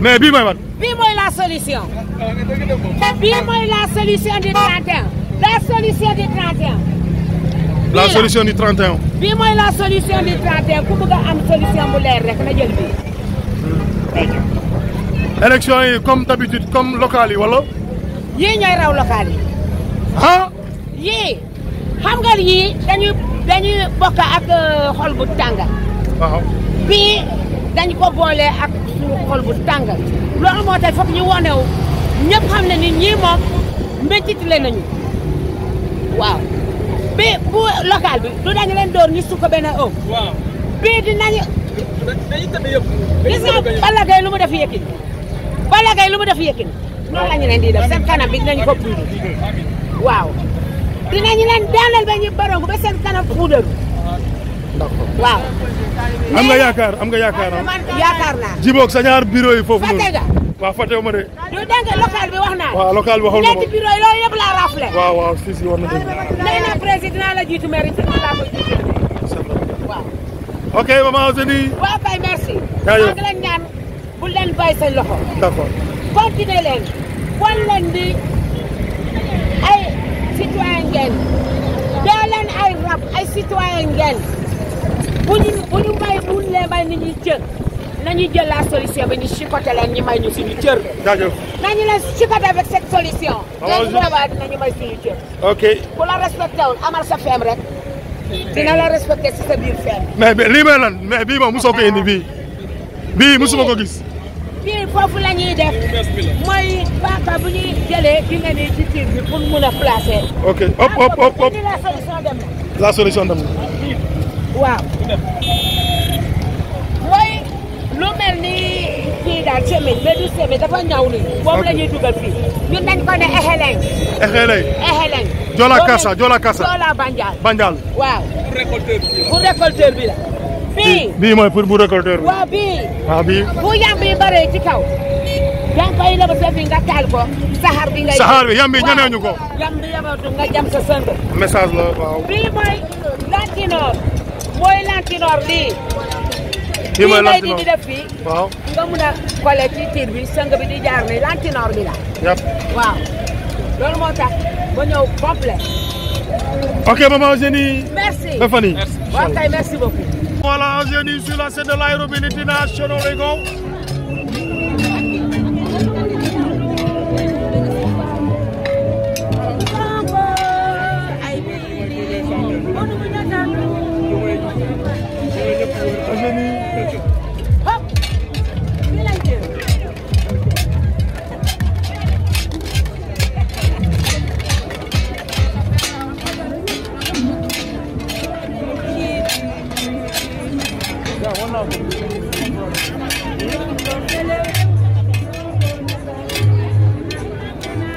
mais bii mooy wat bii mooy la solution. bii mooy la solution du 31. la solution du 31. la solution du 31. bii mooy la solution du 31 ku bëgg am solution bu leer rek na jël bii. élection yi comme d'habitude comme locales yi yii ñooy raw locales yi. Ah! yii xam nga yii dañuy dañuy ak euh, xol bu ah. bii. dañ ko boolee ak suñu xol bu tàng loolu moo tax foog ñu wonewu ni ñii moom métitile nañu waaw bi bu local bi du dañu leen door ñu sukk benn o bii dinañu gis nga Balla Gaye lu mu def Yékini Balla Gaye lu mu def Yékini noonu lañu leen di def seen kanam bi dinañu ko puudar waaw dinañu leen daaneel ba ñu barongu ba seen kanam waaw. am nga yaakaar am nga yaakaar ah. yaakaar naa. jiboog sa ñaar bureau yi foofu noonu. Fatick waaw Fatick ma de. yow dégg nga local bi wax naa. waaw local bi waxul na ma ñetti bureau yi loolu yëpp laa raflé. waaw waaw si si war na dégg. nee na président la jiitu maire ci laa koy jiitu. waaw. ok maman Ousseynou. waaw Baye merci. jaajëf maa ngi leen ñaan bu leen bàyyi sa loxo. d'accord continuer leen. wan leen di ay citoyen ngeen. doo leen ay rab ay citoyen ngeen. bu ñu bu ñu may bu ñu lee may ni ñuy cër nañu jël la solution ñu chicoté leen ñu may ñu suñu cër. jaajëf nañu leen chicoté avec cette solution. waaw waaw dinañu may suñu cër. ok ku la respecté wul sa feem rek dina la respecté si sa biir feem. mais mais lii may lan mais bii moom mosoo ko indi bii bii mosuma ko gis. bii foofu la ñuy def mooy paaka bu ñuy jëlee di nga nii ci tiir bi pour mun a placer. ok hop hop hop hop ah, la solution dem na. la solution dem na. waaw mooy lu ni kii daal semis mais du semis dafa ñaw ni boobu la dugal fii ñun dañ ko ne exeleng exeleng exeleng jola kasa jola banjaal banjaal waaw pour récolteur bi la bii bii mooy bu récolteur bi waaw bii ah, bu yàmb yi bëree ci kaw yaa ngi koy lebal sa ko saxaar bi ngay. bi yam bi ñemewuñu ko. yam bi yamatu nga jam sa sënd. la bii mooy latinoor. mooy lantinoor lii. lii mooy di def fii. waaw nga mun di la. yàpp loolu moo tax ba ñëw complet ok maman Eugénie. merci ba fan yii. merci waaw kay merci beaucoup. voilà Eugénie sur la scène de l'aérobie internationale